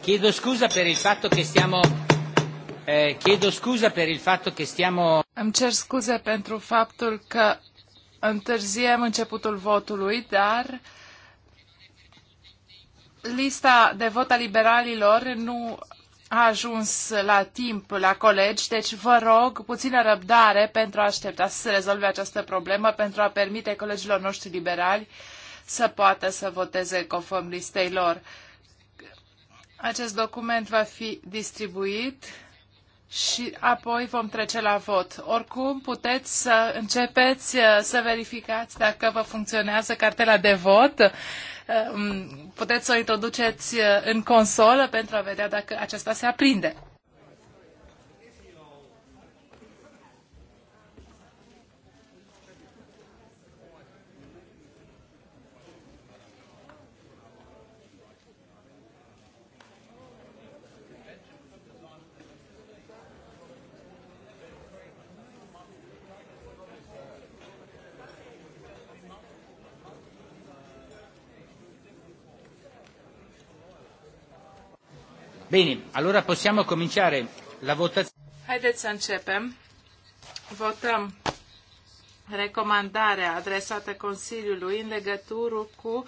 Chiedo per il fatto che stiamo eh, chiedo per il fatto che stiamo Îmi cer scuze pentru faptul că întârziem începutul votului, dar lista de vot a liberalilor nu a ajuns la timp la colegi, deci vă rog puțină răbdare pentru a aștepta să se rezolve această problemă, pentru a permite colegilor noștri liberali să poată să voteze conform listei lor. Acest document va fi distribuit și apoi vom trece la vot. Oricum, puteți să începeți uh, să verificați dacă vă funcționează cartela de vot. Uh, um, puteți să o introduceți uh, în consolă pentru a vedea dacă aceasta se aprinde. Bine, allora possiamo cominciare la votazione. Haideți să începem. Votăm recomandarea adresată Consiliului în legătură cu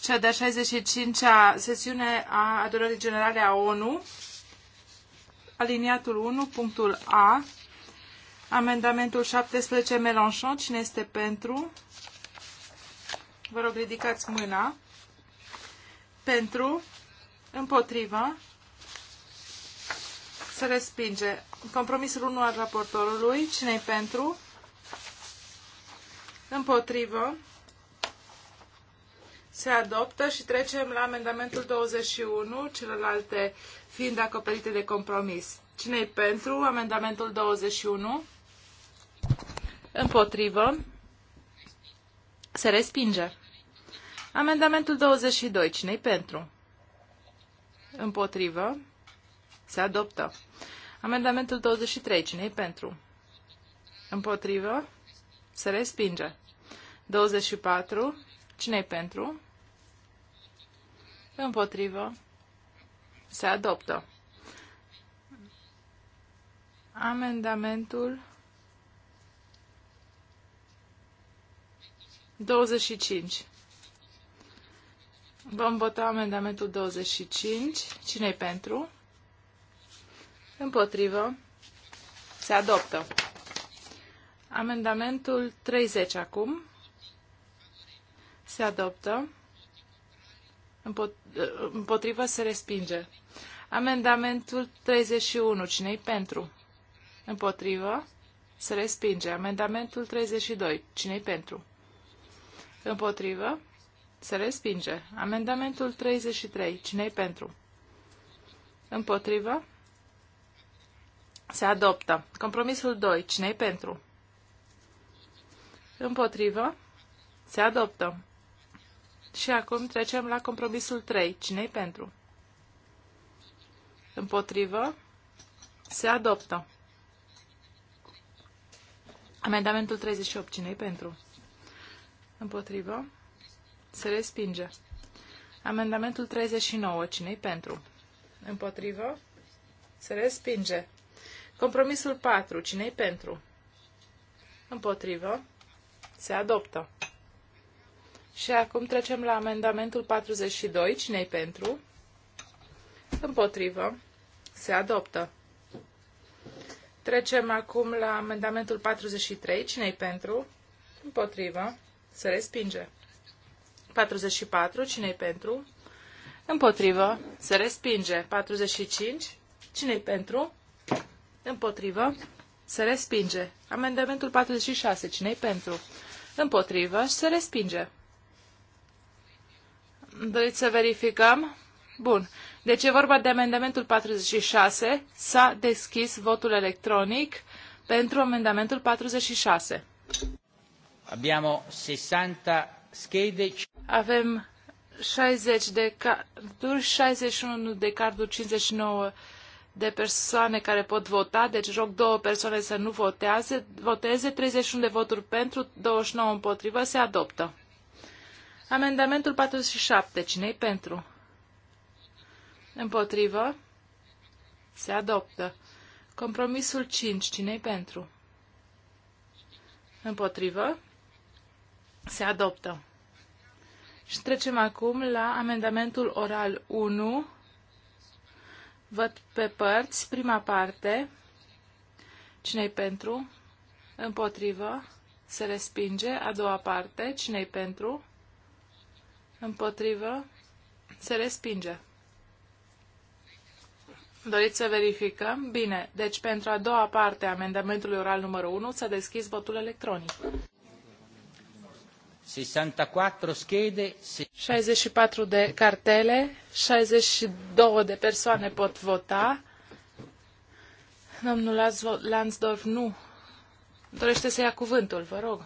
cea de-a 65-a sesiune a adunării generale a ONU, aliniatul 1, punctul A, amendamentul 17 Melanchon, cine este pentru? Vă rog, ridicați mâna. Pentru, împotriva, se respinge. Compromisul 1 al raportorului, cine pentru? Împotrivă. Se adoptă și trecem la amendamentul 21, celelalte fiind acoperite de compromis. cine e pentru amendamentul 21? Împotrivă. Se respinge. Amendamentul 22. cine e pentru? Împotrivă. Se adoptă. Amendamentul 23. cine pentru? Împotrivă? Se respinge. 24. cine pentru? Împotrivă? Se adoptă. Amendamentul 25. Vom vota amendamentul 25. Cine-i pentru? Împotrivă. Se adoptă. Amendamentul 30 acum. Se adoptă. Împotrivă se respinge. Amendamentul 31. Cine-i pentru? Împotrivă. Se respinge. Amendamentul 32. Cine-i pentru? Împotrivă. Se respinge. Amendamentul 33. Cine-i pentru? Împotrivă. Se adoptă. Compromisul 2. Cine-i pentru? Împotrivă. Se adoptă. Și acum trecem la compromisul 3. Cine-i pentru? Împotrivă. Se adoptă. Amendamentul 38. Cine-i pentru? Împotrivă. Se respinge. Amendamentul 39. Cine-i pentru? Împotrivă. Se respinge. Compromisul 4. Cine-i pentru? Împotrivă. Se adoptă. Și acum trecem la amendamentul 42. Cine-i pentru? Împotrivă. Se adoptă. Trecem acum la amendamentul 43. Cine-i pentru? Împotrivă. Se respinge. 44. Cine-i pentru? Împotrivă. Se respinge. 45. Cine-i pentru? Împotrivă. Se respinge. Amendamentul 46. Cine-i pentru? Împotrivă. Se respinge. Doriți să verificăm? Bun. Deci e vorba de amendamentul 46. S-a deschis votul electronic pentru amendamentul 46. Abbiamo 60 schede. Avem 60 de carduri, 61 de carduri, 59 de persoane care pot vota, deci rog două persoane să nu voteze, voteze, 31 de voturi pentru, 29 împotrivă, se adoptă. Amendamentul 47, cine pentru? Împotrivă, se adoptă. Compromisul 5, cine pentru? Împotrivă, se adoptă. Și trecem acum la amendamentul oral 1 Văd pe părți. Prima parte. Cine-i pentru? Împotrivă. Se respinge. A doua parte. Cine-i pentru? Împotrivă. Se respinge. Doriți să verificăm? Bine. Deci pentru a doua parte a amendamentului oral numărul 1 s-a deschis votul electronic. 64 schede, 64 de cartele, 62 de persoane pot vota. Domnul Lansdorf nu dorește să ia cuvântul, vă rog.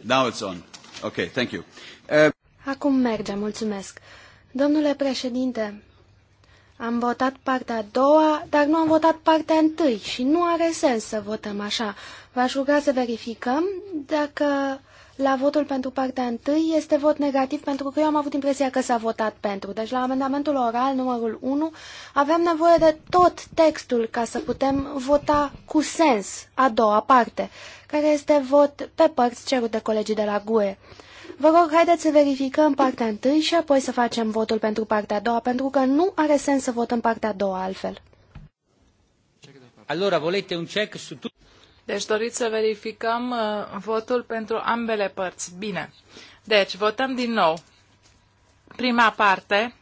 Now it's on. Okay, thank you. Uh... Acum merge, mulțumesc. Domnule președinte, am votat partea a doua, dar nu am votat partea a întâi și nu are sens să votăm așa. V-aș ruga să verificăm dacă la votul pentru partea întâi este vot negativ pentru că eu am avut impresia că s-a votat pentru. Deci la amendamentul oral numărul 1 avem nevoie de tot textul ca să putem vota cu sens a doua parte, care este vot pe părți cerut de colegii de la GUE. Vă rog, haideți să verificăm partea întâi și apoi să facem votul pentru partea a doua, pentru că nu are sens să votăm partea a doua altfel. Allora, volete un check su tu... Deci doriți să verificăm uh, votul pentru ambele părți. Bine. Deci, votăm din nou. Prima parte,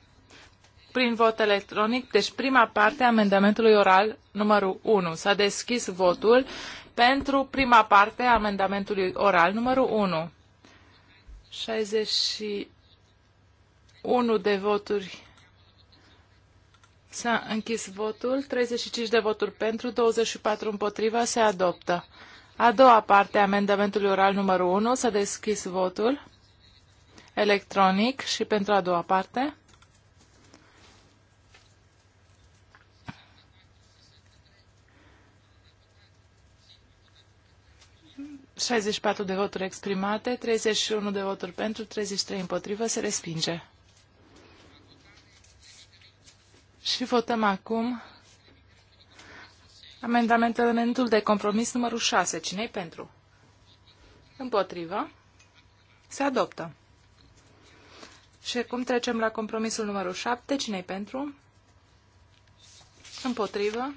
prin vot electronic, deci prima parte a amendamentului oral numărul 1. S-a deschis votul pentru prima parte a amendamentului oral numărul 1. 61 de voturi. S-a închis votul. 35 de voturi pentru, 24 împotriva. Se adoptă. A doua parte a amendamentului oral numărul 1. S-a deschis votul electronic și pentru a doua parte. 64 de voturi exprimate, 31 de voturi pentru, 33 împotrivă, se respinge. Și votăm acum amendamentul de compromis numărul 6. cine pentru? Împotrivă. Se adoptă. Și acum trecem la compromisul numărul 7. cine pentru? Împotrivă.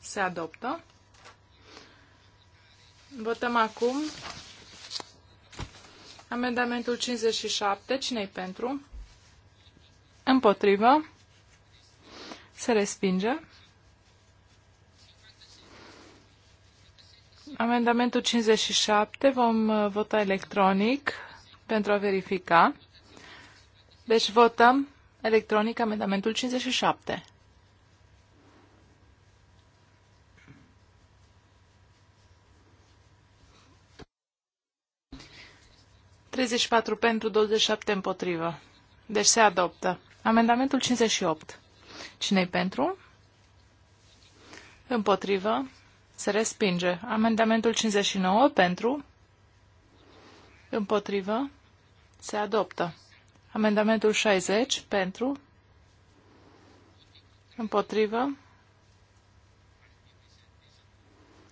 Se adoptă. Votăm acum amendamentul 57. Cine-i pentru? Împotrivă. Se respinge. Amendamentul 57 vom uh, vota electronic pentru a verifica. Deci votăm electronic amendamentul 57. 34 pentru, 27 împotrivă. Deci se adoptă. Amendamentul 58. Cine-i pentru? Împotrivă. Se respinge. Amendamentul 59 pentru. Împotrivă. Se adoptă. Amendamentul 60 pentru. Împotrivă.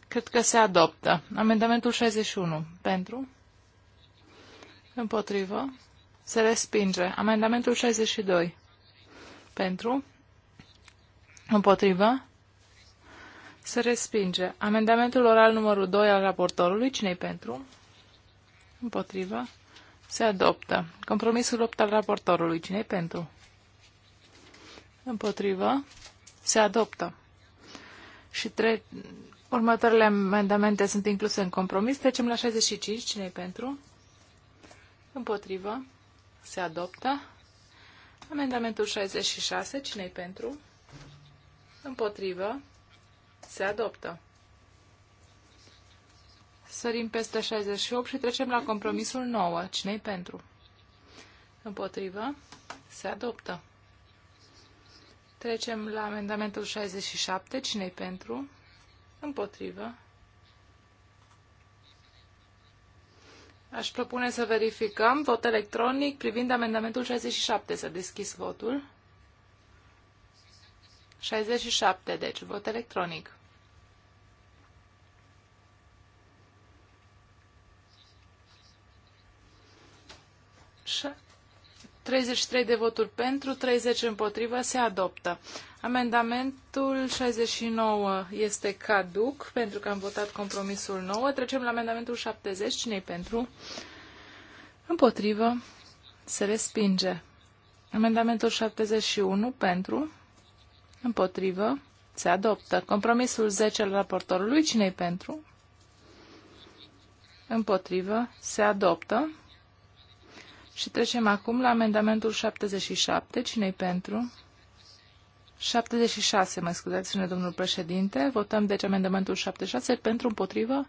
Cred că se adoptă. Amendamentul 61 pentru. Împotrivă. Se respinge. Amendamentul 62. Pentru. Împotrivă. Se respinge. Amendamentul oral numărul 2 al raportorului. Cine-i pentru? Împotrivă. Se adoptă. Compromisul 8 al raportorului. Cine-i pentru? Împotrivă. Se adoptă. Și tre... următoarele amendamente sunt incluse în compromis. Trecem la 65. Cine-i pentru? Împotrivă. Se adoptă. Amendamentul 66. Cine-i pentru? Împotrivă. Se adoptă. Sărim peste 68 și trecem la compromisul 9. Cine-i pentru? Împotrivă. Se adoptă. Trecem la amendamentul 67. Cine-i pentru? Împotrivă. Aș propune să verificăm vot electronic privind amendamentul 67. Să deschis votul. 67, deci vot electronic. 33 de voturi pentru, 30 împotrivă, se adoptă. Amendamentul 69 este caduc, pentru că am votat compromisul 9. Trecem la amendamentul 70. Cine-i pentru? Împotrivă, se respinge. Amendamentul 71 pentru, împotrivă, se adoptă. Compromisul 10 al raportorului, cine-i pentru? Împotrivă, se adoptă. Și trecem acum la amendamentul 77. Cine-i pentru? 76, mă scuzați, spune domnul președinte. Votăm deci amendamentul 76 pentru împotrivă.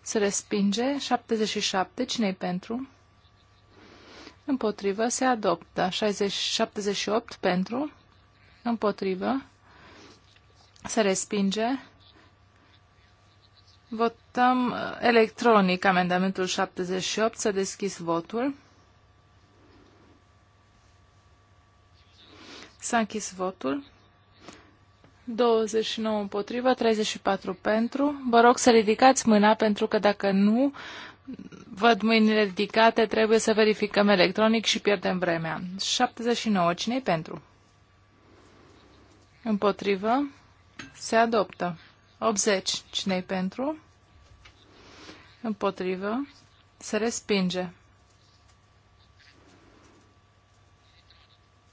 Se respinge. 77. Cine-i pentru? Împotrivă. Se adoptă. 60, 78 pentru. Împotrivă. Se respinge. Votăm uh, electronic amendamentul 78. Să deschis votul. S-a închis votul. 29 împotrivă, 34 pentru. Vă rog să ridicați mâna pentru că dacă nu văd mâinile ridicate, trebuie să verificăm electronic și pierdem vremea. 79. Cine-i pentru? Împotrivă. Se adoptă. 80. Cine-i pentru? împotrivă, se respinge.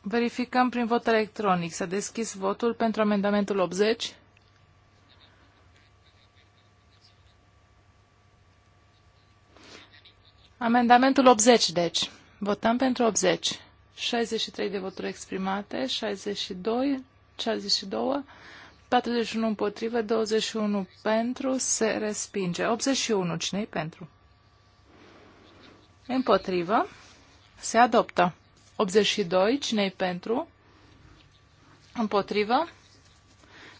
Verificăm prin vot electronic. S-a deschis votul pentru amendamentul 80. Amendamentul 80, deci. Votăm pentru 80. 63 de voturi exprimate, 62, 62 41 împotrivă, 21 pentru, se respinge. 81, cine pentru? Împotrivă, se adoptă. 82, cine pentru? Împotrivă,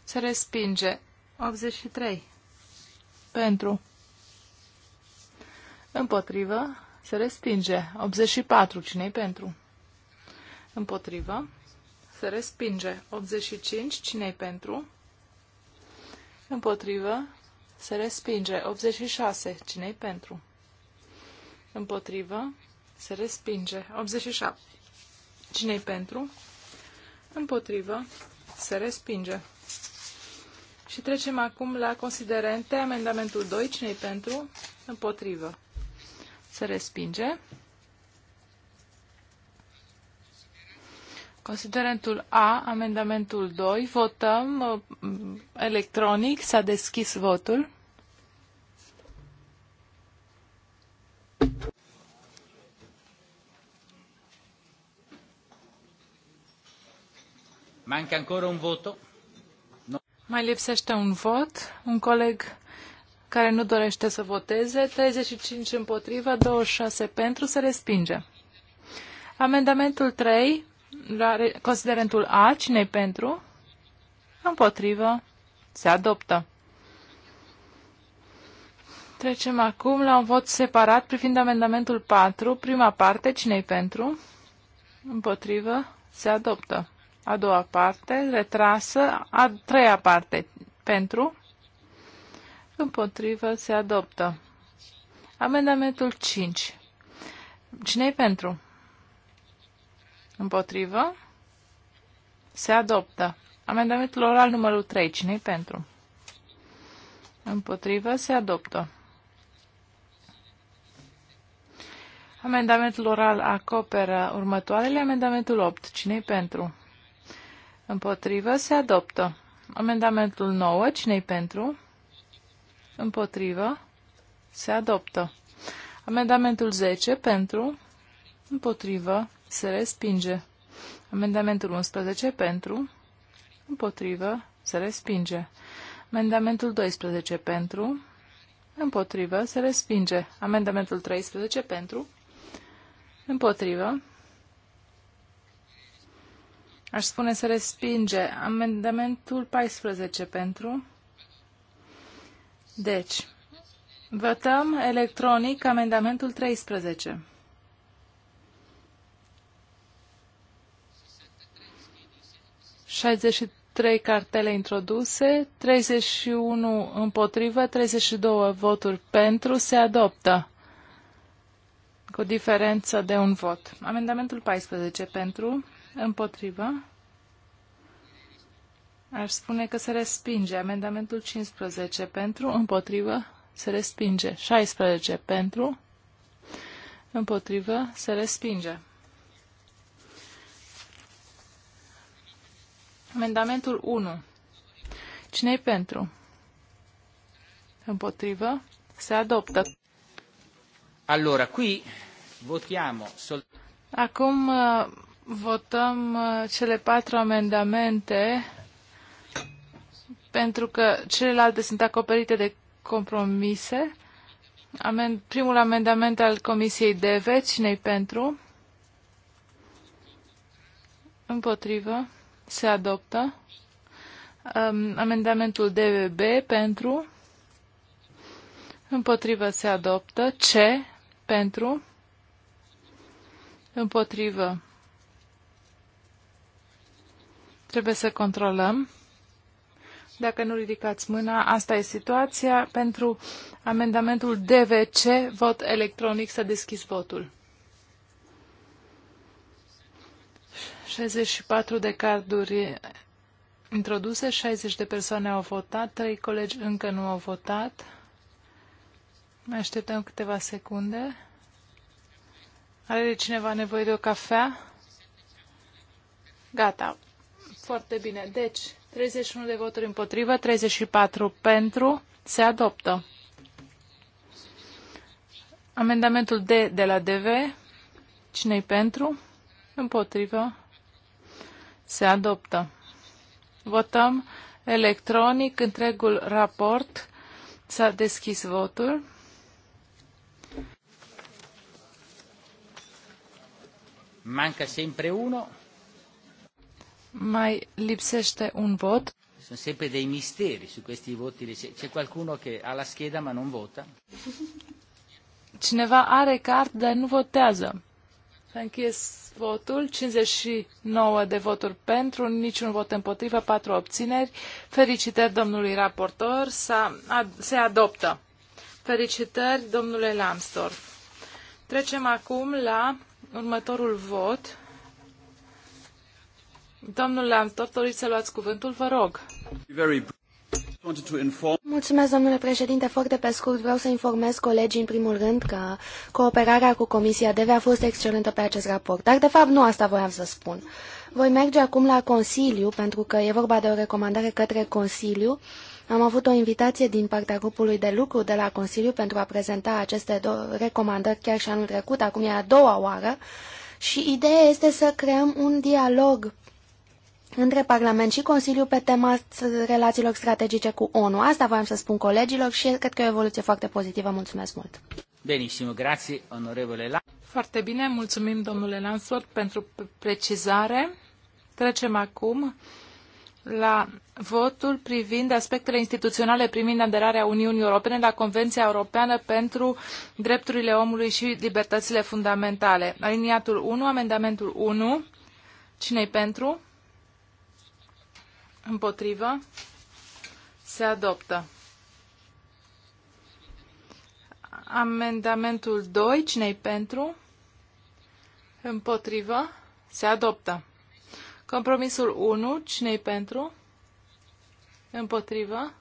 se respinge. 83, pentru. Împotrivă, se respinge. 84, cine pentru? Împotrivă, se respinge. 85, cine pentru? Împotrivă. Se respinge. 86. cine pentru? Împotrivă. Se respinge. 87. cine pentru? Împotrivă. Se respinge. Și trecem acum la considerente. Amendamentul 2. cine pentru? Împotrivă. Se respinge. Considerentul A, amendamentul 2, votăm uh, electronic, s-a deschis votul. Manca ancora un voto. No. Mai lipsește un vot, un coleg care nu dorește să voteze, 35 împotriva, 26 pentru, se respinge. Amendamentul 3, la considerentul A, cine pentru? Împotrivă. Se adoptă. Trecem acum la un vot separat privind amendamentul 4. Prima parte, cine pentru? Împotrivă. Se adoptă. A doua parte, retrasă. A treia parte, pentru? Împotrivă. Se adoptă. Amendamentul 5. cine pentru? Împotrivă? Se adoptă. Amendamentul oral numărul 3. cine pentru? Împotrivă? Se adoptă. Amendamentul oral acoperă următoarele. Amendamentul 8. cine pentru? Împotrivă? Se adoptă. Amendamentul 9. cine pentru? Împotrivă? Se adoptă. Amendamentul 10. Pentru? Împotrivă? se respinge. Amendamentul 11 pentru, împotrivă, se respinge. Amendamentul 12 pentru, împotrivă, se respinge. Amendamentul 13 pentru, împotrivă, aș spune se respinge. Amendamentul 14 pentru, deci, votăm electronic amendamentul 13. 63 cartele introduse, 31 împotrivă, 32 voturi pentru, se adoptă cu diferență de un vot. Amendamentul 14 pentru, împotrivă. Aș spune că se respinge. Amendamentul 15 pentru, împotrivă, se respinge. 16 pentru, împotrivă, se respinge. Amendamentul 1. Cine-i pentru? Împotrivă? Se adoptă. Allora, qui votiamo sol... Acum uh, votăm uh, cele patru amendamente pentru că celelalte sunt acoperite de compromise. Amen- primul amendament al Comisiei DEVE, cine pentru? Împotrivă. Se adoptă. Um, amendamentul DVB pentru. Împotrivă se adoptă. C pentru. Împotrivă. Trebuie să controlăm. Dacă nu ridicați mâna, asta e situația. Pentru amendamentul DVC, vot electronic, să deschis votul. 64 de carduri introduse, 60 de persoane au votat, 3 colegi încă nu au votat. Mai așteptăm câteva secunde. Are cineva nevoie de o cafea? Gata. Foarte bine. Deci, 31 de voturi împotrivă, 34 pentru. Se adoptă. Amendamentul D de la DV. Cine-i pentru? Împotrivă. Se adoptă. Votăm electronic întregul raport. S-a deschis votul. Manca sempre uno. Mai lipsește un vot. Sunt sempre dei misteri su questi voti. C'è qualcuno che ha la scheda ma non vota? Cineva are card, dar nu votează. S-a închis votul. 59 de voturi pentru, niciun vot împotrivă, 4 obțineri. Felicitări domnului raportor. Se adoptă. Felicitări domnule Lambsdorff. Trecem acum la următorul vot. Domnul Lambsdorff, doriți să luați cuvântul? Vă rog. Very Mulțumesc, domnule președinte. Foarte pe scurt vreau să informez colegii, în primul rând, că cooperarea cu Comisia DEVE a fost excelentă pe acest raport. Dar, de fapt, nu asta voiam să spun. Voi merge acum la Consiliu, pentru că e vorba de o recomandare către Consiliu. Am avut o invitație din partea grupului de lucru de la Consiliu pentru a prezenta aceste recomandări chiar și anul trecut, acum e a doua oară. Și ideea este să creăm un dialog între Parlament și Consiliu pe tema relațiilor strategice cu ONU. Asta voiam să spun colegilor și cred că e o evoluție foarte pozitivă. Mulțumesc mult! Benissimo, grazie, onorevole Lan. Foarte bine, mulțumim domnule Lansford pentru precizare. Trecem acum la votul privind aspectele instituționale primind aderarea Uniunii Europene la Convenția Europeană pentru Drepturile Omului și Libertățile Fundamentale. Aliniatul 1, amendamentul 1. Cine-i pentru? Împotrivă. Se adoptă. Amendamentul 2. cine pentru? Împotrivă. Se adoptă. Compromisul 1. cine pentru? Împotrivă.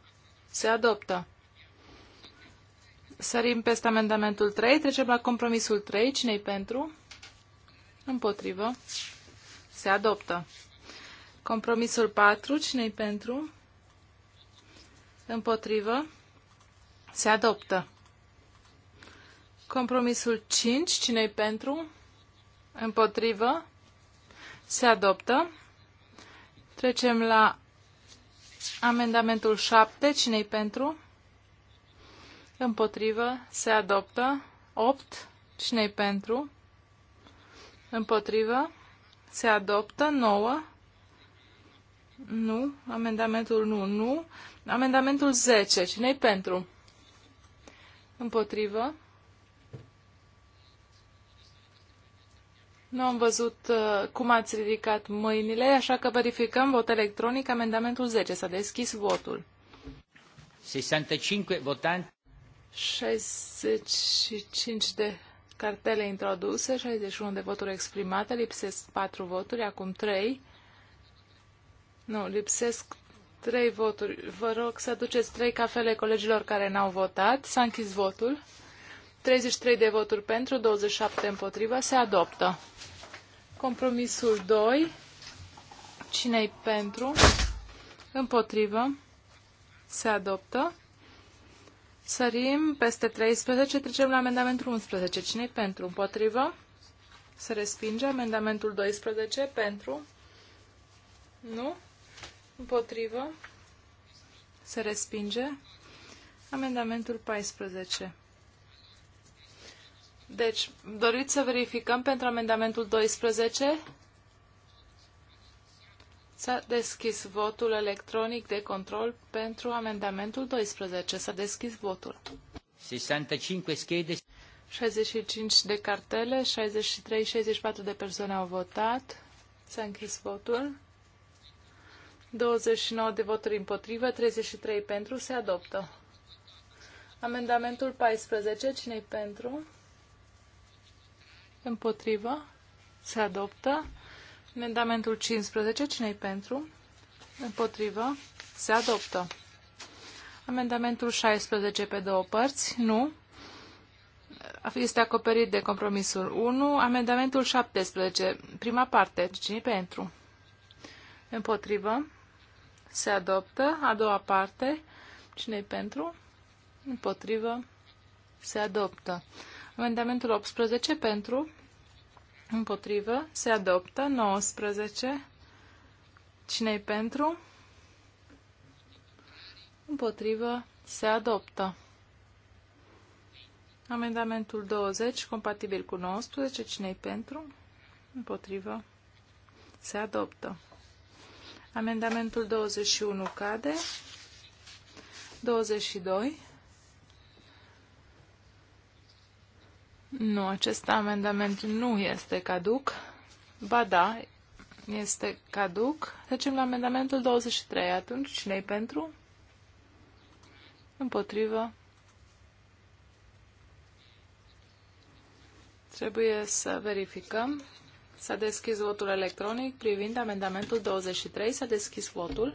Se adoptă. Sărim peste amendamentul 3. Trecem la compromisul 3. cine pentru? Împotrivă. Se adoptă. Compromisul 4, cine pentru? Împotrivă? Se adoptă. Compromisul 5, cine pentru? Împotrivă? Se adoptă. Trecem la amendamentul 7, cine pentru? Împotrivă? Se adoptă. 8, cine pentru? Împotrivă? Se adoptă. 9, nu. Amendamentul nu. Nu. Amendamentul 10. Cine-i pentru? Împotrivă. Nu am văzut uh, cum ați ridicat mâinile, așa că verificăm vot electronic amendamentul 10. S-a deschis votul. 65 votanți. 65 de cartele introduse, 61 de voturi exprimate, lipsesc 4 voturi, acum 3. Nu, lipsesc trei voturi. Vă rog să aduceți trei cafele colegilor care n-au votat. S-a închis votul. 33 de voturi pentru, 27 împotriva. Se adoptă. Compromisul 2. Cine-i pentru? Împotrivă. Se adoptă. Sărim peste 13, trecem la amendamentul 11. cine pentru? Împotrivă? Se respinge. Amendamentul 12 pentru? Nu? Împotrivă. Se respinge. Amendamentul 14. Deci, doriți să verificăm pentru amendamentul 12? S-a deschis votul electronic de control pentru amendamentul 12. S-a deschis votul. 65 schede. 65 de cartele, 63-64 de persoane au votat. S-a închis votul. 29 de voturi împotrivă, 33 pentru, se adoptă. Amendamentul 14, cine pentru? Împotrivă, se adoptă. Amendamentul 15, cine pentru? Împotrivă, se adoptă. Amendamentul 16 pe două părți, nu. Este acoperit de compromisul 1. Amendamentul 17, prima parte, cine pentru? Împotrivă se adoptă. A doua parte, cine pentru? Împotrivă, se adoptă. Amendamentul 18 pentru, împotrivă, se adoptă. 19, cine pentru? Împotrivă, se adoptă. Amendamentul 20, compatibil cu 19, cine pentru? Împotrivă, se adoptă. Amendamentul 21 cade. 22. Nu, acest amendament nu este caduc. Ba da, este caduc. Trecem la amendamentul 23. Atunci, cine pentru? Împotrivă. Trebuie să verificăm. S-a deschis votul electronic privind amendamentul 23. S-a deschis votul.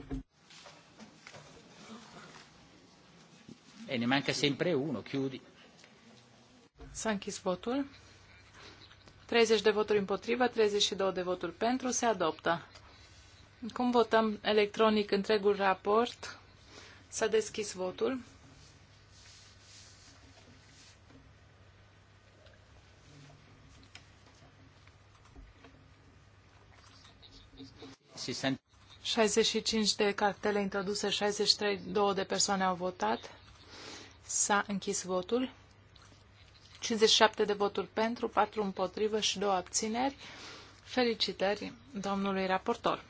E ne manca sempre uno, chiudi. S-a închis votul. 30 de voturi împotriva, 32 de voturi pentru, se adoptă. Cum votăm electronic întregul raport? S-a deschis votul. 65 de cartele introduse, 63, 2 de persoane au votat. S-a închis votul. 57 de voturi pentru, 4 împotrivă și 2 abțineri. Felicitări domnului raportor.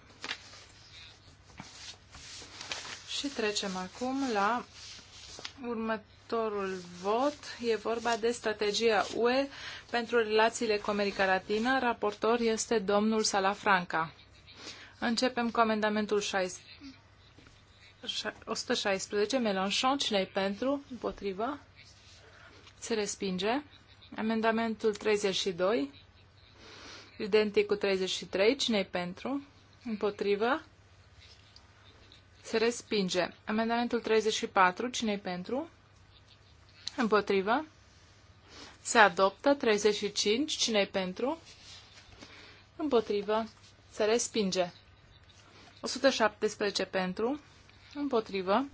Și trecem acum la următorul vot. E vorba de strategia UE pentru relațiile cu America Latină. Raportor este domnul Salafranca. Începem cu amendamentul 116, Melanchon, cine pentru? Împotrivă? Se respinge. Amendamentul 32, identic cu 33, cine pentru? Împotrivă? Se respinge. Amendamentul 34, cine pentru? Împotrivă? Se adoptă. 35, cine pentru? Împotrivă? Se respinge. 117 pentru, împotrivă,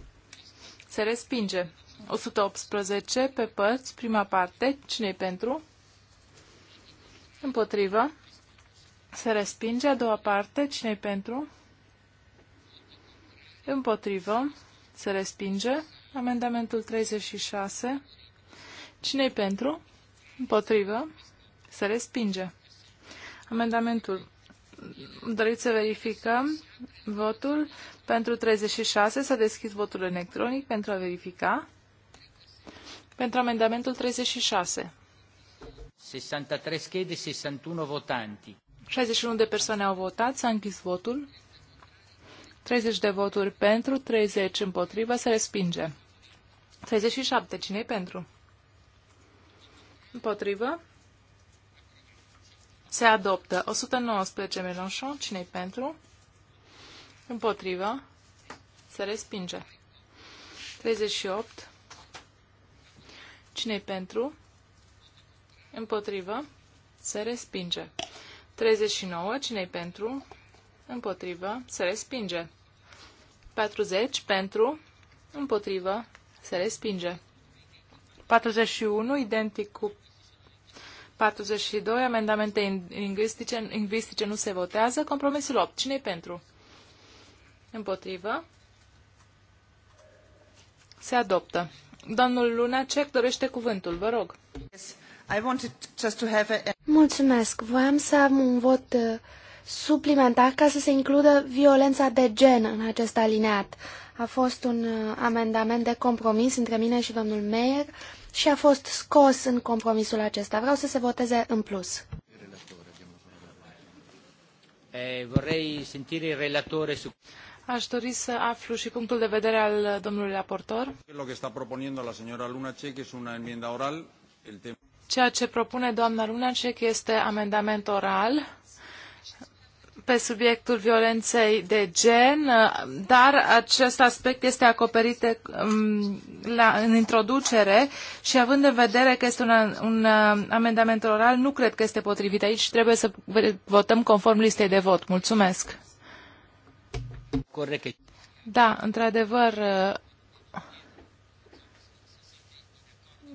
se respinge. 118 pe părți, prima parte, cine pentru? Împotrivă, se respinge. A doua parte, cine pentru? Împotrivă, se respinge. Amendamentul 36, cine pentru? Împotrivă, se respinge. Amendamentul Doriți să verificăm votul pentru 36. S-a deschis votul electronic pentru a verifica. Pentru amendamentul 36. 63 schede, 61 votanti. 61 de persoane au votat, s-a închis votul. 30 de voturi pentru, 30 împotrivă, se respinge. 37. Cine-i pentru? Împotrivă. Se adoptă 119 Mélenchon. Cine-i pentru? Împotrivă. Se respinge. 38. Cine-i pentru? Împotrivă. Se respinge. 39. Cine-i pentru? Împotrivă. Se respinge. 40. Pentru. Împotrivă. Se respinge. 41. Identic cu 42, amendamente lingvistice, lingvistice nu se votează. Compromisul 8. cine pentru? Împotrivă. Se adoptă. Domnul Lunacek dorește cuvântul, vă rog. Mulțumesc. Voiam să am un vot uh, suplimentar ca să se includă violența de gen în acest alineat. A fost un uh, amendament de compromis între mine și domnul Meyer și a fost scos în compromisul acesta. Vreau să se voteze în plus. Eh, Aș dori să aflu și punctul de vedere al domnului raportor. Ceea ce propune doamna Lunacek este amendament oral pe subiectul violenței de gen, dar acest aspect este acoperit um, la, în introducere și având în vedere că este un, un uh, amendament oral, nu cred că este potrivit aici și trebuie să votăm conform listei de vot. Mulțumesc! Corect. Da, într-adevăr, uh,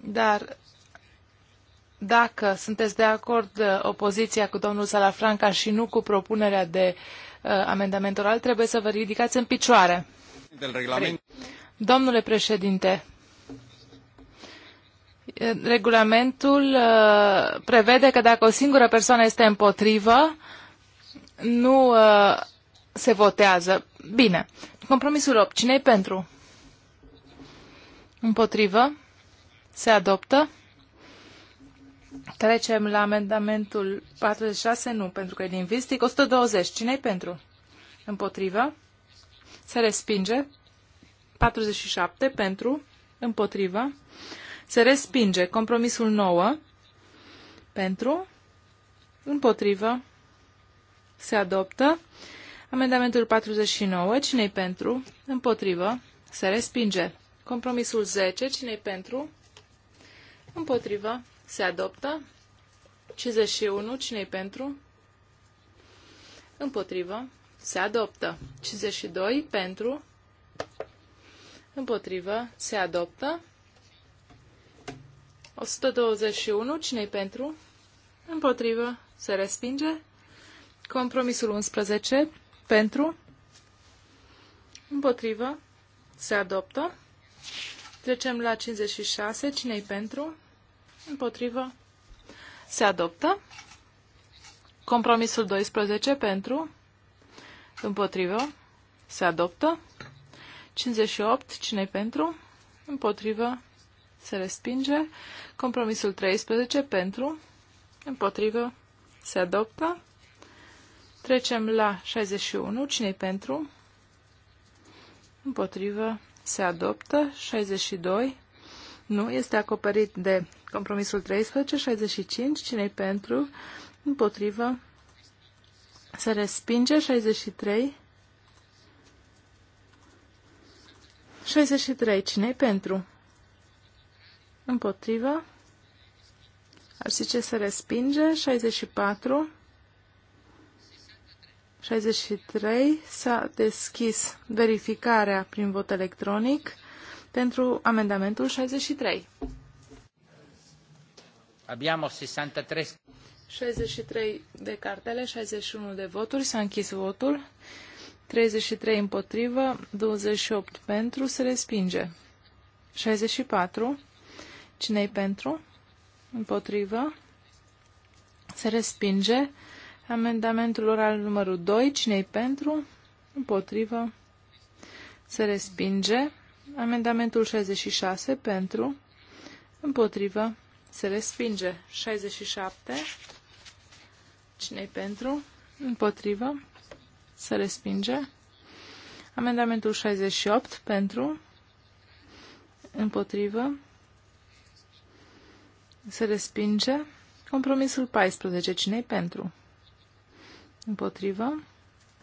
dar dacă sunteți de acord uh, opoziția cu domnul Salafranca și nu cu propunerea de uh, amendament oral, trebuie să vă ridicați în picioare. Domnule președinte, regulamentul uh, prevede că dacă o singură persoană este împotrivă, nu uh, se votează. Bine. Compromisul 8. Cine-i pentru? Împotrivă? Se adoptă? Trecem la amendamentul 46, nu, pentru că e din Vistic. 120. cine pentru? Împotrivă. Se respinge. 47 pentru. Împotrivă. Se respinge. Compromisul 9 pentru. Împotrivă. Se adoptă. Amendamentul 49. cine e pentru? Împotrivă. Se respinge. Compromisul 10. cine e pentru? Împotrivă se adoptă. 51, cine pentru? Împotrivă, se adoptă. 52, pentru? Împotrivă, se adoptă. 121, cine pentru? Împotrivă, se respinge. Compromisul 11, pentru? Împotrivă, se adoptă. Trecem la 56, cine pentru? Împotrivă. Se adoptă. Compromisul 12 pentru. Împotrivă. Se adoptă. 58. cine pentru? Împotrivă. Se respinge. Compromisul 13 pentru. Împotrivă. Se adoptă. Trecem la 61. cine pentru? Împotrivă. Se adoptă. 62. Nu este acoperit de Compromisul 13, 65, cine pentru, împotrivă, se respinge, 63, 63, cine pentru, împotrivă, ar zice se respinge, 64, 63 s-a deschis verificarea prin vot electronic pentru amendamentul 63. Abbiamo 63... 63 de cartele, 61 de voturi, s-a închis votul, 33 împotrivă, 28 pentru, se respinge. 64, cine pentru? Împotrivă, se respinge. Amendamentul oral numărul 2, cine pentru? Împotrivă, se respinge. Amendamentul 66, pentru? Împotrivă, se respinge. 67. cine pentru? Împotrivă. Se respinge. Amendamentul 68. Pentru. Împotrivă. Se respinge. Compromisul 14. cine pentru? Împotrivă.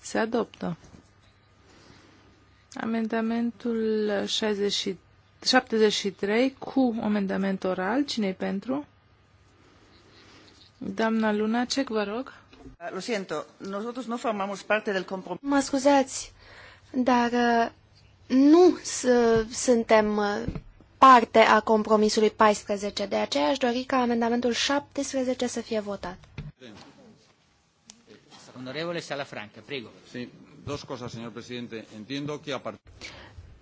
Se adoptă. Amendamentul 63 73 cu amendament oral. cine pentru? Doamna Lunacek, vă rog. Ah, lo siento, nosotros no formamos parte del compromiso. Mă scuzați, dar uh, nu uh, suntem uh, parte a compromisului 14, de aceea aș dori ca amendamentul 17 să fie votat. Onorevole Salafranca, prego. Sí, dos cosas, señor presidente. Entiendo que a partir...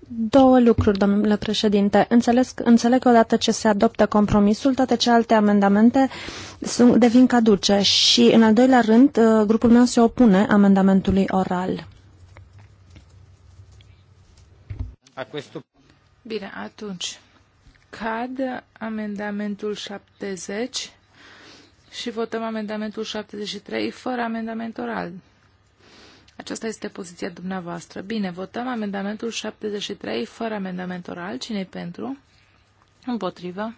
Două lucruri, domnule președinte. Înțeles, înțeleg că odată ce se adoptă compromisul, toate celelalte amendamente sunt, devin caduce și, în al doilea rând, uh, grupul meu se opune amendamentului oral. Bine, atunci cad amendamentul 70 și votăm amendamentul 73 fără amendament oral. Aceasta este poziția dumneavoastră. Bine, votăm amendamentul 73 fără amendament oral. cine pentru? Împotrivă.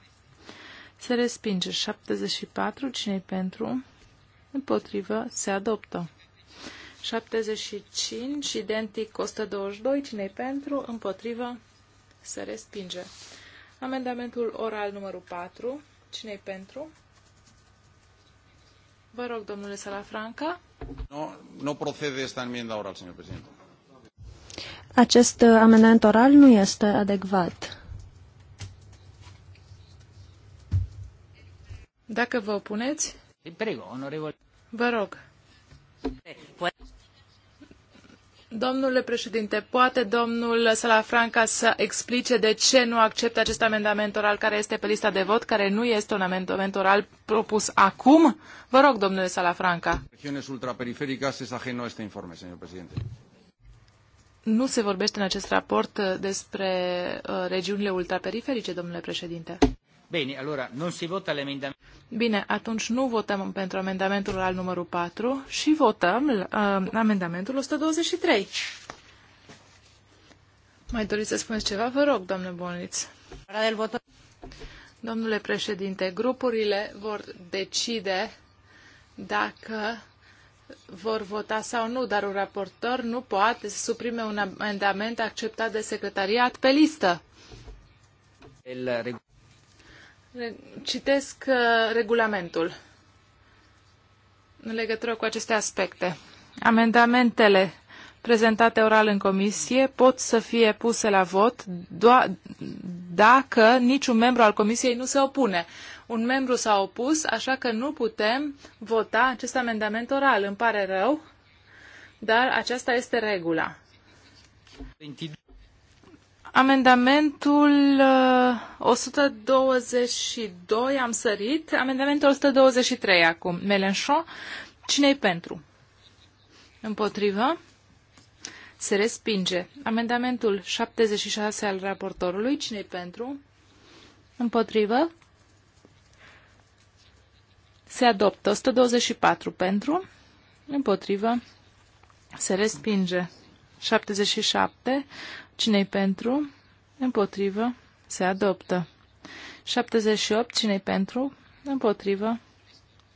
Se respinge 74. cine pentru? Împotrivă. Se adoptă. 75. Identic 122. cine pentru? Împotrivă. Se respinge. Amendamentul oral numărul 4. cine pentru? Vă rog, domnule Salafranca. No, Nu, procede esta enmienda oral, señor presidente. Acest uh, amendament oral nu este adecvat. Dacă vă opuneți, Prego, onorevole. Vă rog. Domnule președinte, poate domnul Salafranca să explice de ce nu acceptă acest amendament oral care este pe lista de vot, care nu este un amendament oral propus acum? Vă rog, domnule Salafranca. Regiunile ultraperiferice es ajeno este informe, domnule președinte. Nu se vorbește în acest raport uh, despre uh, regiunile ultraperiferice, domnule președinte. Bine, allora non si vota l'emendamento. Bine, atunci nu votăm pentru amendamentul al numărul 4 și votăm uh, amendamentul 123. Mai doriți să spuneți ceva? Vă rog, doamne Bonliț. Domnule președinte, grupurile vor decide dacă vor vota sau nu, dar un raportor nu poate să suprime un amendament acceptat de secretariat pe listă. Citesc uh, regulamentul în legătură cu aceste aspecte. Amendamentele prezentate oral în comisie pot să fie puse la vot dacă niciun membru al comisiei nu se opune. Un membru s-a opus, așa că nu putem vota acest amendament oral. Îmi pare rău, dar aceasta este regula. Amendamentul 122 uh, am sărit. Amendamentul 123 acum. Melenchon. cine e pentru? Împotrivă. Se respinge. Amendamentul 76 al raportorului. cine e pentru? Împotrivă. Se adoptă. 124 pentru. Împotrivă. Se respinge. 77 cine e pentru? Împotrivă. Se adoptă. 78. cine e pentru? Împotrivă.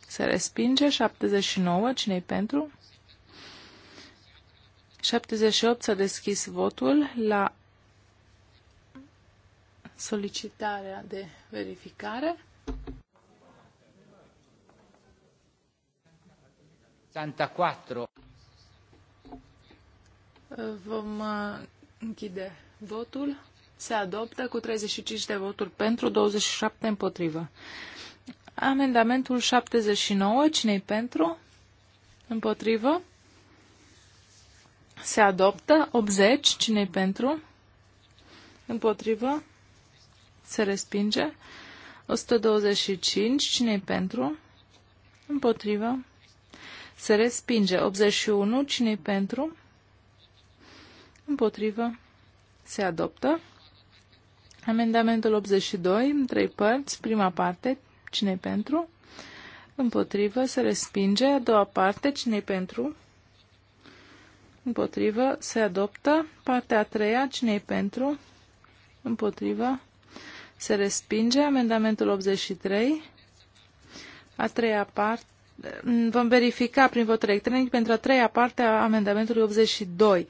Se respinge. 79. cine e pentru? 78. S-a deschis votul la solicitarea de verificare. Vom uh, Închide votul. Se adoptă cu 35 de voturi pentru, 27 împotrivă. Amendamentul 79, cine pentru? Împotrivă. Se adoptă 80, cine pentru? Împotrivă. Se respinge. 125, cine pentru? Împotrivă. Se respinge. 81, cine pentru? împotrivă, se adoptă. Amendamentul 82, în trei părți, prima parte, cine pentru, împotrivă, se respinge, a doua parte, cine pentru, împotrivă, se adoptă, partea a treia, cine pentru, împotrivă, se respinge, amendamentul 83, a treia parte, vom verifica prin vot electronic pentru a treia parte a amendamentului 82.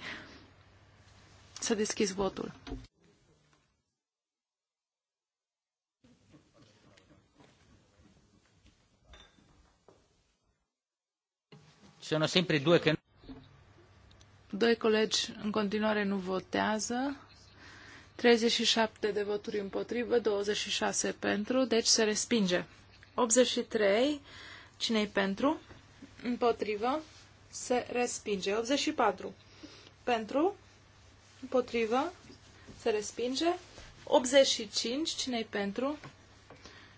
Să deschizi votul. Sunt sempre due Doi colegi în continuare nu votează. 37 de voturi împotrivă, 26 pentru, deci se respinge. 83, cine pentru? Împotrivă, se respinge. 84, pentru, împotrivă, se respinge. 85, cine-i pentru,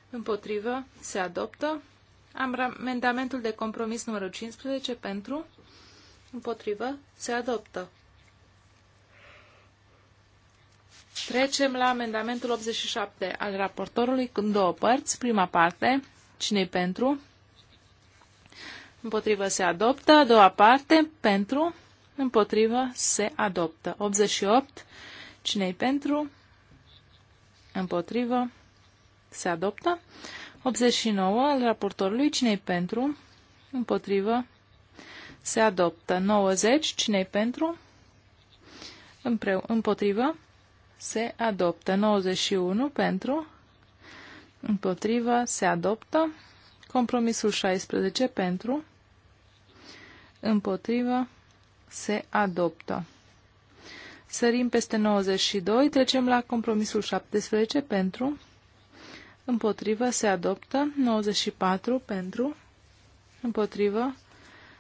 împotrivă, se adoptă. Amendamentul de compromis numărul 15, pentru, împotrivă, se adoptă. Trecem la amendamentul 87 al raportorului în două părți. Prima parte, cine-i pentru? Împotrivă se adoptă. A doua parte, pentru? împotrivă, se adoptă. 88, cine-i pentru, împotrivă, se adoptă. 89 al raportorului, cine-i pentru, împotrivă, se adoptă. 90, cine-i pentru, împotrivă, se adoptă. 91 pentru, împotrivă, se adoptă. Compromisul 16 pentru, împotrivă, se adoptă. Sărim peste 92, trecem la compromisul 17 pentru, împotrivă, se adoptă, 94 pentru, împotrivă,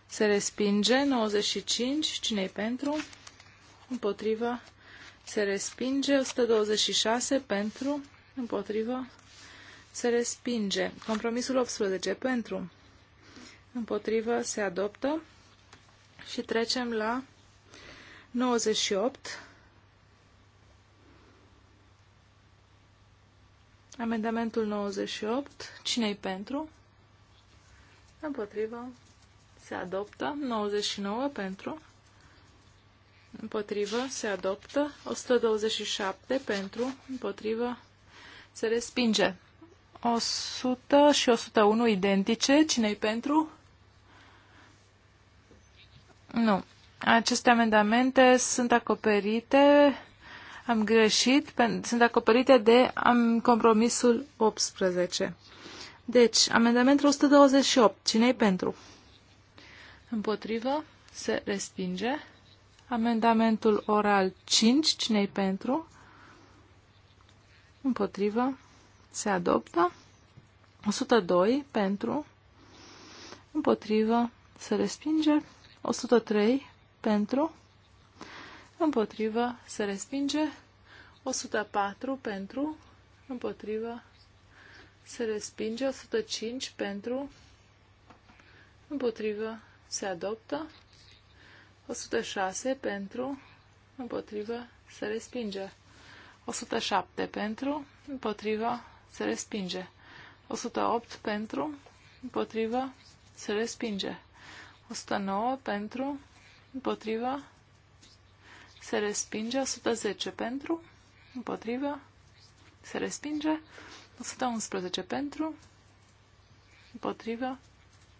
se respinge, 95, cine pentru, împotrivă, se respinge, 126 pentru, împotrivă, se respinge. Compromisul 18 pentru, împotrivă, se adoptă, și trecem la 98. Amendamentul 98. Cine-i pentru? Împotrivă. Se adoptă. 99 pentru. Împotrivă. Se adoptă. 127 pentru. Împotrivă. Se respinge. 100 și 101 identice. Cine-i pentru? Nu. Aceste amendamente sunt acoperite, am greșit, sunt acoperite de am, compromisul 18. Deci, amendamentul 128. Cine-i pentru? Împotrivă. Se respinge. Amendamentul oral 5. Cine-i pentru? Împotrivă. Se adoptă. 102. Pentru. Împotrivă. Se respinge. 103 pentru, împotrivă, se respinge. 104 pentru, împotrivă, se respinge. 105 pentru, împotrivă, se adoptă. 106 pentru, împotrivă, se respinge. 107 pentru, împotrivă, se respinge. 108 pentru, împotrivă, se respinge. 109 pentru, împotriva, se respinge. 110 pentru, împotriva, se respinge. 111 pentru, împotriva,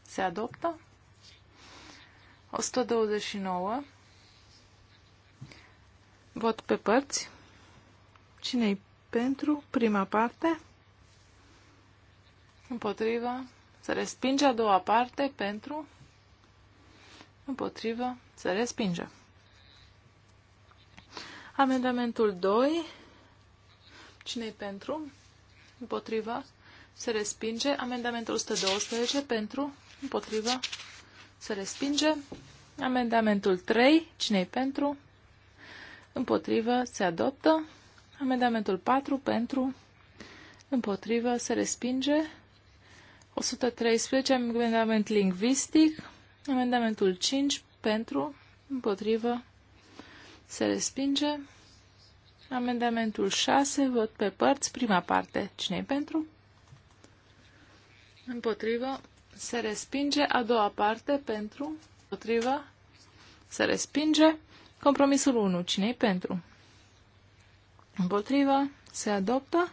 se adoptă. 129 Vot pe părți. cine pentru prima parte? Împotriva. Se respinge a doua parte pentru împotrivă, se respinge. Amendamentul 2, cine pentru, împotrivă, se respinge. Amendamentul 112, pentru, împotrivă, se respinge. Amendamentul 3, cine pentru, împotrivă, se adoptă. Amendamentul 4, pentru, împotrivă, se respinge. 113, amendament lingvistic, Amendamentul 5 pentru, împotrivă, se respinge. Amendamentul 6, vot pe părți, prima parte. cine pentru? Împotrivă, se respinge. A doua parte, pentru, împotrivă, se respinge. Compromisul 1, cine pentru? Împotrivă, se adoptă.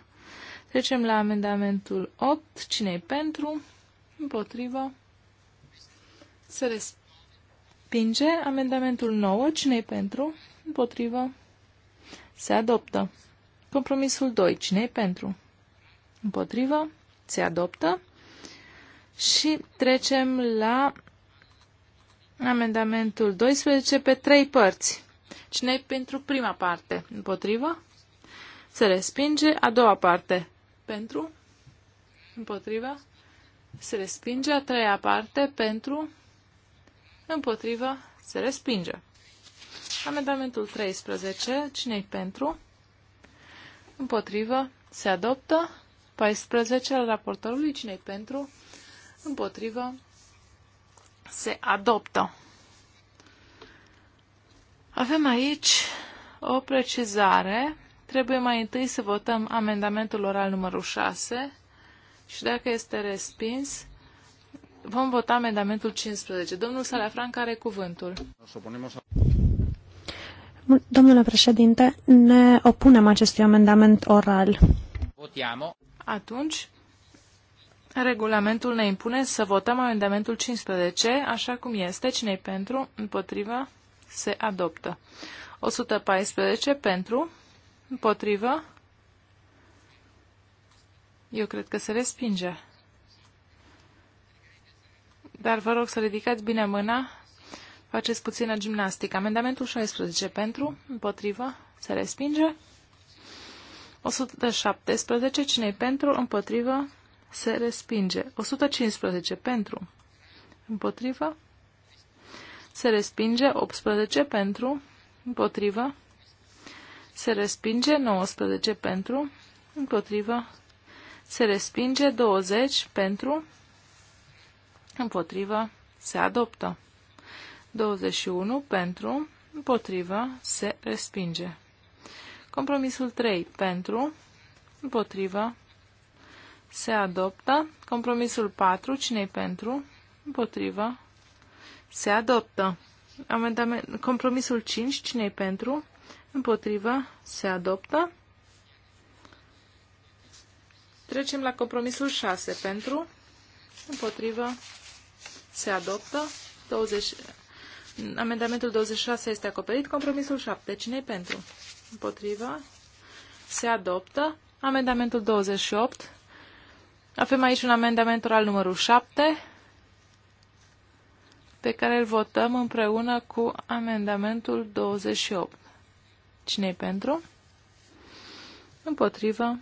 Trecem la amendamentul 8, cine pentru? Împotrivă, se respinge amendamentul 9. Cine-i pentru? Împotrivă. Se adoptă. Compromisul 2. Cine-i pentru? Împotrivă. Se adoptă. Și trecem la amendamentul 12 pe trei părți. Cine pentru prima parte? Împotrivă? Se respinge. A doua parte? Pentru? Împotrivă? Se respinge. A treia parte? Pentru? Împotrivă. Se respinge. Amendamentul 13. Cine-i pentru? Împotrivă. Se adoptă. 14 al raportorului. Cine-i pentru? Împotrivă. Se adoptă. Avem aici o precizare. Trebuie mai întâi să votăm amendamentul oral numărul 6 și dacă este respins, Vom vota amendamentul 15. Domnul Salafranc are cuvântul. Domnule președinte, ne opunem acestui amendament oral. Votiamo. Atunci, regulamentul ne impune să votăm amendamentul 15, așa cum este. cine pentru? Împotrivă? Se adoptă. 114 pentru? Împotrivă? Eu cred că se respinge. Dar vă rog să ridicați bine mâna, faceți puțină gimnastică. Amendamentul 16 pentru, împotrivă, se respinge. 117, cine pentru, împotrivă, se respinge. 115 pentru, împotrivă, se respinge. 18 pentru, împotrivă, se respinge. 19 pentru, împotrivă, se respinge. 20 pentru, împotrivă, se adoptă. 21 pentru, împotrivă, se respinge. Compromisul 3 pentru, împotrivă, se adoptă. Compromisul 4, cine pentru, împotrivă, se adoptă. Amendament, compromisul 5, cine pentru, împotrivă, se adoptă. Trecem la compromisul 6 pentru, împotrivă, se adoptă. 20, amendamentul 26 este acoperit. Compromisul 7. Cine-i pentru? împotriva Se adoptă. Amendamentul 28. Avem aici un amendament oral numărul 7 pe care îl votăm împreună cu amendamentul 28. cine pentru? Împotrivă.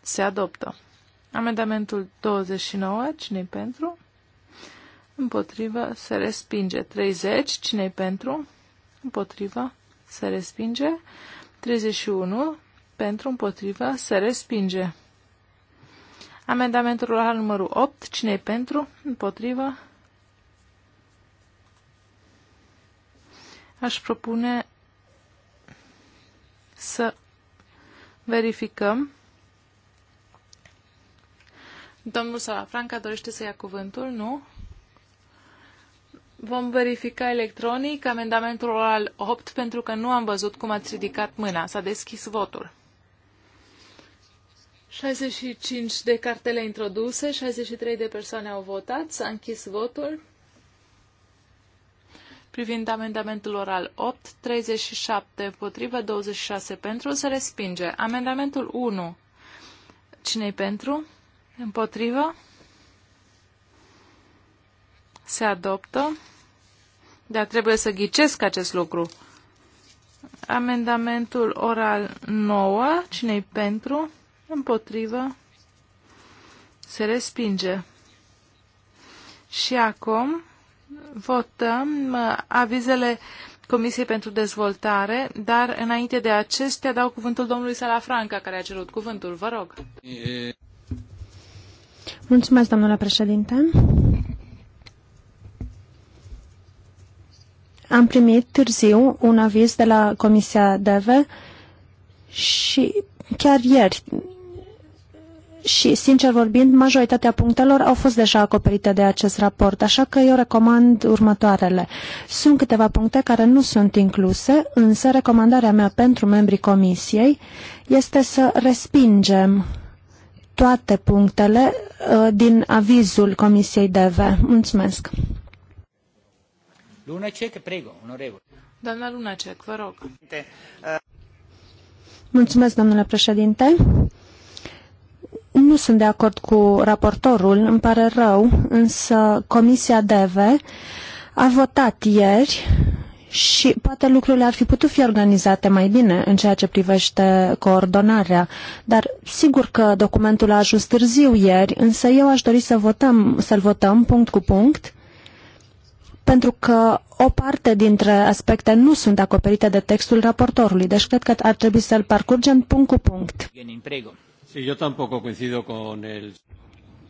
Se adoptă. Amendamentul 29. cine pentru? împotrivă, se respinge. 30, cine pentru, împotrivă, se respinge. 31, pentru, împotrivă, se respinge. Amendamentul la numărul 8, cine pentru, împotrivă, aș propune să verificăm. Domnul Salafranca dorește să ia cuvântul, nu? Vom verifica electronic amendamentul oral 8 pentru că nu am văzut cum ați ridicat mâna. S-a deschis votul. 65 de cartele introduse, 63 de persoane au votat, s-a închis votul. Privind amendamentul oral 8, 37 împotrivă, 26 pentru, se respinge. Amendamentul 1. Cine-i pentru? Împotrivă? Se adoptă. Dar trebuie să ghicesc acest lucru. Amendamentul oral 9, cine-i pentru? Împotrivă. Se respinge. Și acum votăm uh, avizele Comisiei pentru Dezvoltare, dar înainte de acestea dau cuvântul domnului Salafranca, care a cerut cuvântul. Vă rog. Mulțumesc, domnule președinte. Am primit târziu un aviz de la Comisia DEVE și chiar ieri. Și, sincer vorbind, majoritatea punctelor au fost deja acoperite de acest raport, așa că eu recomand următoarele. Sunt câteva puncte care nu sunt incluse, însă recomandarea mea pentru membrii comisiei este să respingem toate punctele uh, din avizul Comisiei DEVE. Mulțumesc! Lunacek, prego, onorevole. Doamna Lunacek, vă rog. Mulțumesc, domnule președinte. Nu sunt de acord cu raportorul, îmi pare rău, însă Comisia DEVE a votat ieri și poate lucrurile ar fi putut fi organizate mai bine în ceea ce privește coordonarea, dar sigur că documentul a ajuns târziu ieri, însă eu aș dori să votăm, să-l votăm punct cu punct pentru că o parte dintre aspecte nu sunt acoperite de textul raportorului, deci cred că ar trebui să-l parcurgem punct cu punct.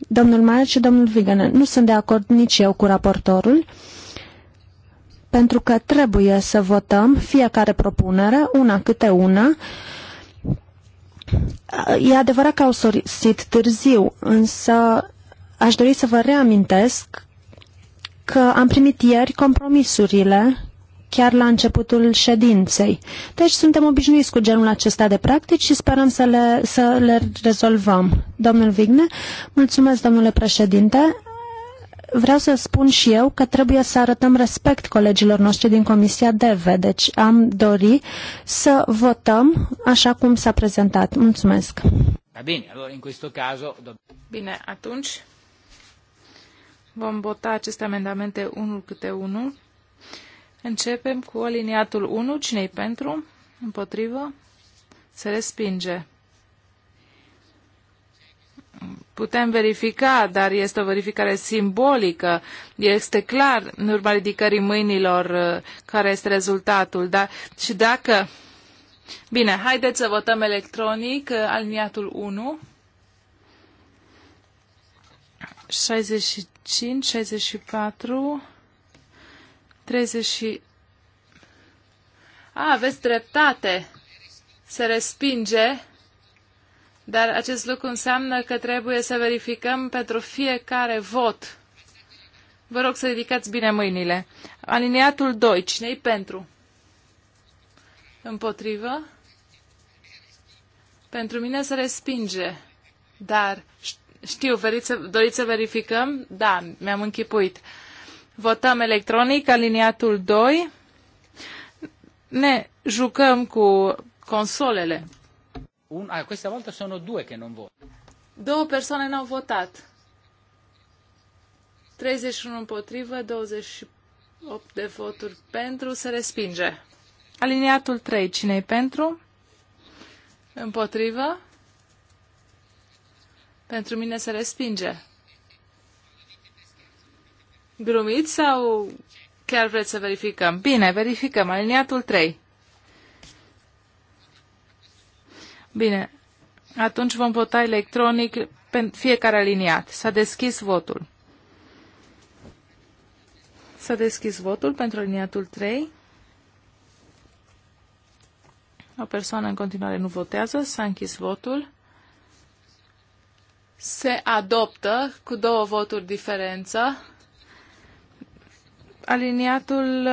Domnul Maier și domnul Viganen, nu sunt de acord nici eu cu raportorul, pentru că trebuie să votăm fiecare propunere, una câte una, E adevărat că au sosit târziu, însă aș dori să vă reamintesc că am primit ieri compromisurile chiar la începutul ședinței. Deci suntem obișnuiți cu genul acesta de practici și sperăm să le, să le rezolvăm. Domnul Vigne, mulțumesc, domnule președinte. Vreau să spun și eu că trebuie să arătăm respect colegilor noștri din Comisia DEVE, deci am dori să votăm așa cum s-a prezentat. Mulțumesc. Da bine, atunci Vom vota aceste amendamente unul câte unul. Începem cu aliniatul 1. Cine-i pentru? Împotrivă? Se respinge. Putem verifica, dar este o verificare simbolică. Este clar, în urma ridicării mâinilor, uh, care este rezultatul. Da. și dacă... Bine, haideți să votăm electronic uh, aliniatul 1. 60 65, 64, 30... A, aveți dreptate! Se respinge, dar acest lucru înseamnă că trebuie să verificăm pentru fiecare vot. Vă rog să ridicați bine mâinile. Aliniatul 2. Cine-i pentru? Împotrivă? Pentru mine se respinge, dar știu, veriți să, doriți să verificăm? Da, mi-am închipuit. Votăm electronic, aliniatul 2. Ne jucăm cu consolele. Un, a, questa volta sono due che non vot. Două persoane n-au votat. 31 împotrivă, 28 de voturi pentru, se respinge. Aliniatul 3, cine e pentru? Împotrivă, pentru mine se respinge. Grumit sau chiar vreți să verificăm? Bine, verificăm. Aliniatul 3. Bine. Atunci vom vota electronic pentru fiecare aliniat. S-a deschis votul. S-a deschis votul pentru aliniatul 3. O persoană în continuare nu votează. S-a închis votul se adoptă cu două voturi diferență. Aliniatul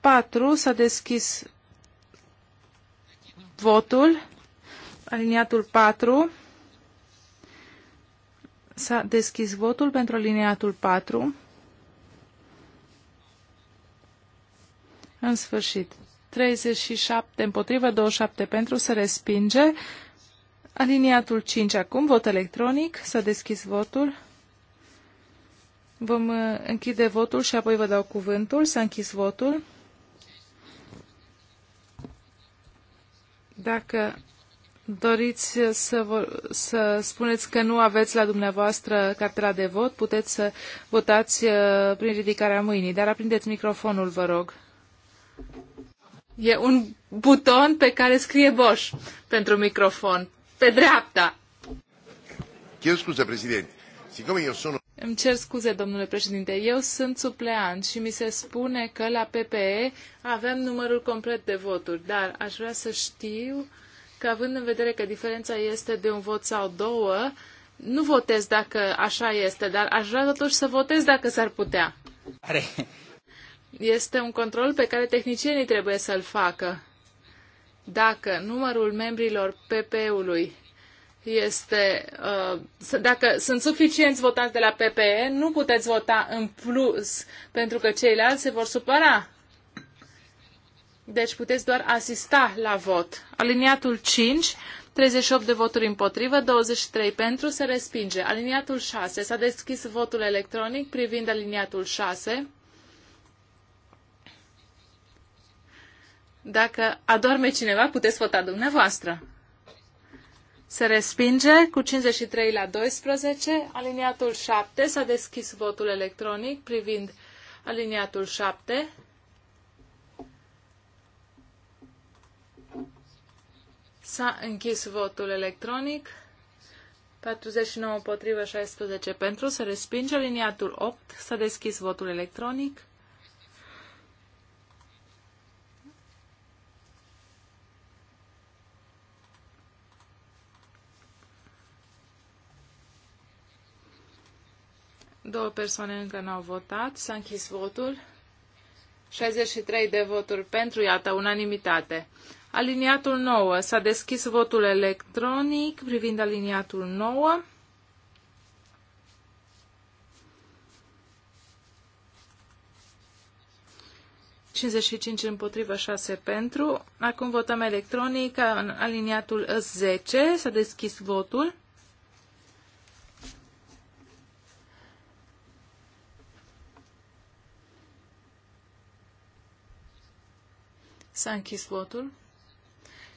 4 uh, s-a deschis votul. Aliniatul 4 s-a deschis votul pentru aliniatul 4. În sfârșit, 37 împotrivă, 27 pentru, se respinge. Aliniatul 5 acum, vot electronic, s-a deschis votul. Vom uh, închide votul și apoi vă dau cuvântul. S-a închis votul. Dacă doriți să, vă, să spuneți că nu aveți la dumneavoastră cartela de vot, puteți să votați uh, prin ridicarea mâinii, dar aprindeți microfonul, vă rog. E un buton pe care scrie Bosch pentru microfon pe dreapta. Eu scuze, președinte. eu sunt... Îmi cer scuze, domnule președinte. Eu sunt supleant și mi se spune că la PPE avem numărul complet de voturi, dar aș vrea să știu că având în vedere că diferența este de un vot sau două, nu votez dacă așa este, dar aș vrea totuși să votez dacă s-ar putea. Are. Este un control pe care tehnicienii trebuie să-l facă dacă numărul membrilor PP-ului este, uh, dacă sunt suficienți votanți de la PPE, nu puteți vota în plus, pentru că ceilalți se vor supăra. Deci puteți doar asista la vot. Aliniatul 5, 38 de voturi împotrivă, 23 pentru, se respinge. Aliniatul 6, s-a deschis votul electronic privind aliniatul 6. Dacă adorme cineva, puteți vota dumneavoastră. Se respinge cu 53 la 12. Aliniatul 7. S-a deschis votul electronic privind aliniatul 7. S-a închis votul electronic. 49 împotrivă, 16 pentru. Se respinge aliniatul 8. S-a deschis votul electronic. Două persoane încă n-au votat. S-a închis votul. 63 de voturi pentru, iată, unanimitate. Aliniatul 9. S-a deschis votul electronic privind aliniatul 9. ...55 împotriva 6 pentru. Acum votăm electronic aliniatul 10. S-a deschis votul. S-a închis votul.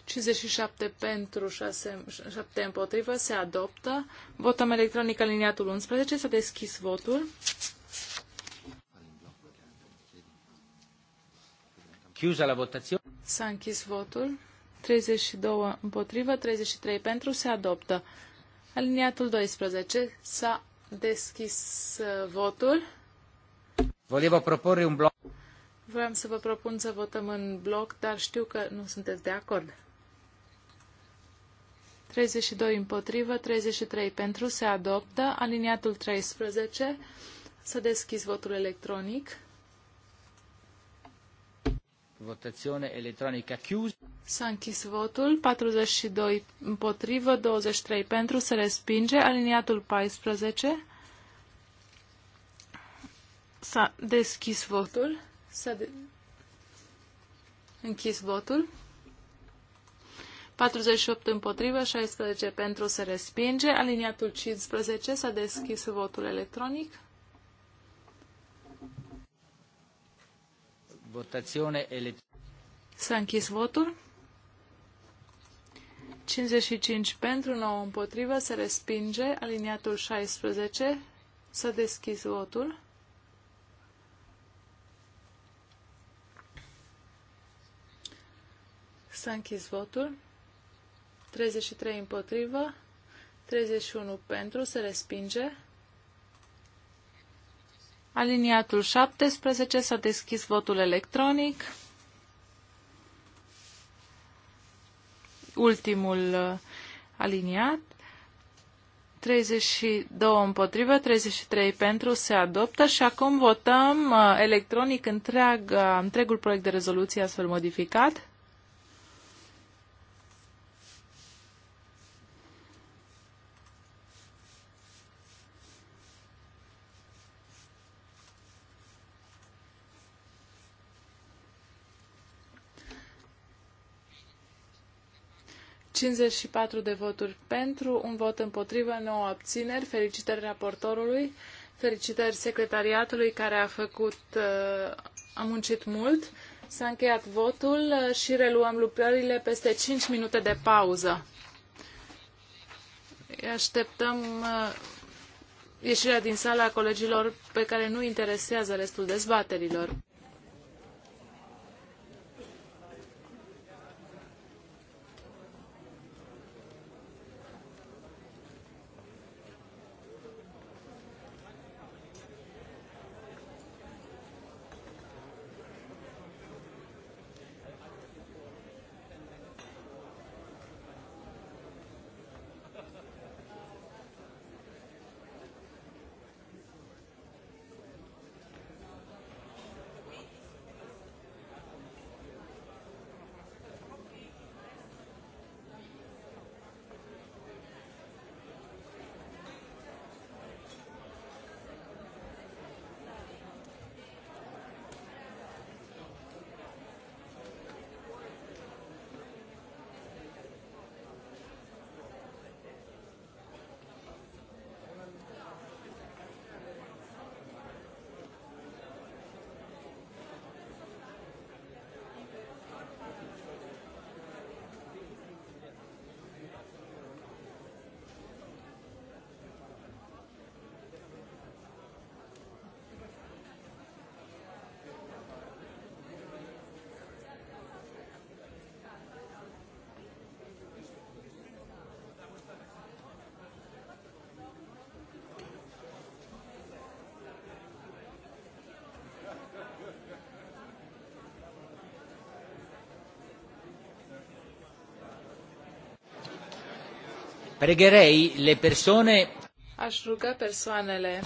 57 pentru, 6, 7 împotrivă, se adoptă. Votăm electronic aliniatul 11, s-a deschis votul. Chiusa la votație. S-a închis votul. 32 împotrivă, 33 pentru, se adoptă. Aliniatul 12, s-a deschis uh, votul. Volevo proporre un bloc. Vreau să vă propun să votăm în bloc, dar știu că nu sunteți de acord. 32 împotrivă, 33 pentru, se adoptă. Aliniatul 13, să deschizi votul electronic. Votazione elettronica chiusa. S-a închis votul, 42 împotrivă, 23 pentru, se respinge. Aliniatul 14, s-a deschis votul. S-a de... închis votul. 48 împotrivă, 16 pentru se respinge. Aliniatul 15 s-a deschis votul electronic. Votațiune electronică. S-a închis votul. 55 pentru, 9 împotrivă, se respinge. Aliniatul 16 s-a deschis votul. S-a închis votul. 33 împotrivă, 31 pentru, se respinge. Aliniatul 17 s-a deschis votul electronic. Ultimul uh, aliniat. 32 împotrivă, 33 pentru se adoptă și acum votăm uh, electronic întreag, întregul proiect de rezoluție astfel modificat. 54 de voturi pentru, un vot împotrivă, 9 abțineri. Felicitări raportorului, felicitări secretariatului care a făcut, uh, a muncit mult. S-a încheiat votul uh, și reluăm lucrările peste 5 minute de pauză. Așteptăm uh, ieșirea din sala colegilor pe care nu interesează restul dezbaterilor. Pregherei le persoane... Aș ruga persoanele